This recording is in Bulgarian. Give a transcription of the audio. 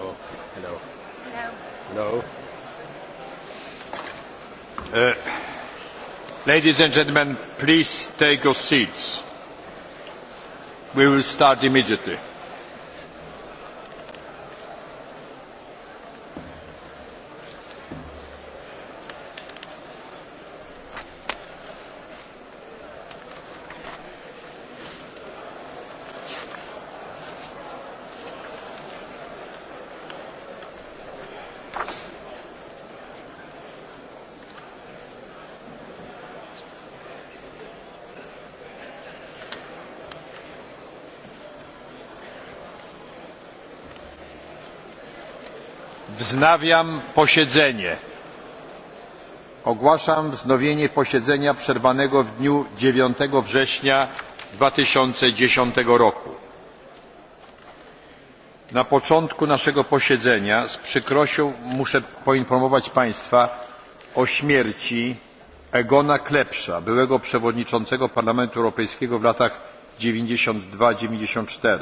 Oh, hello. Hello. Hello. Uh, ladies and gentlemen, please take your seats. We will start immediately. Wznawiam posiedzenie. Ogłaszam wznowienie posiedzenia przerwanego w dniu 9 września 2010 roku. Na początku naszego posiedzenia z przykrością muszę poinformować Państwa o śmierci Egona Klepsza, byłego przewodniczącego Parlamentu Europejskiego w latach 92-94.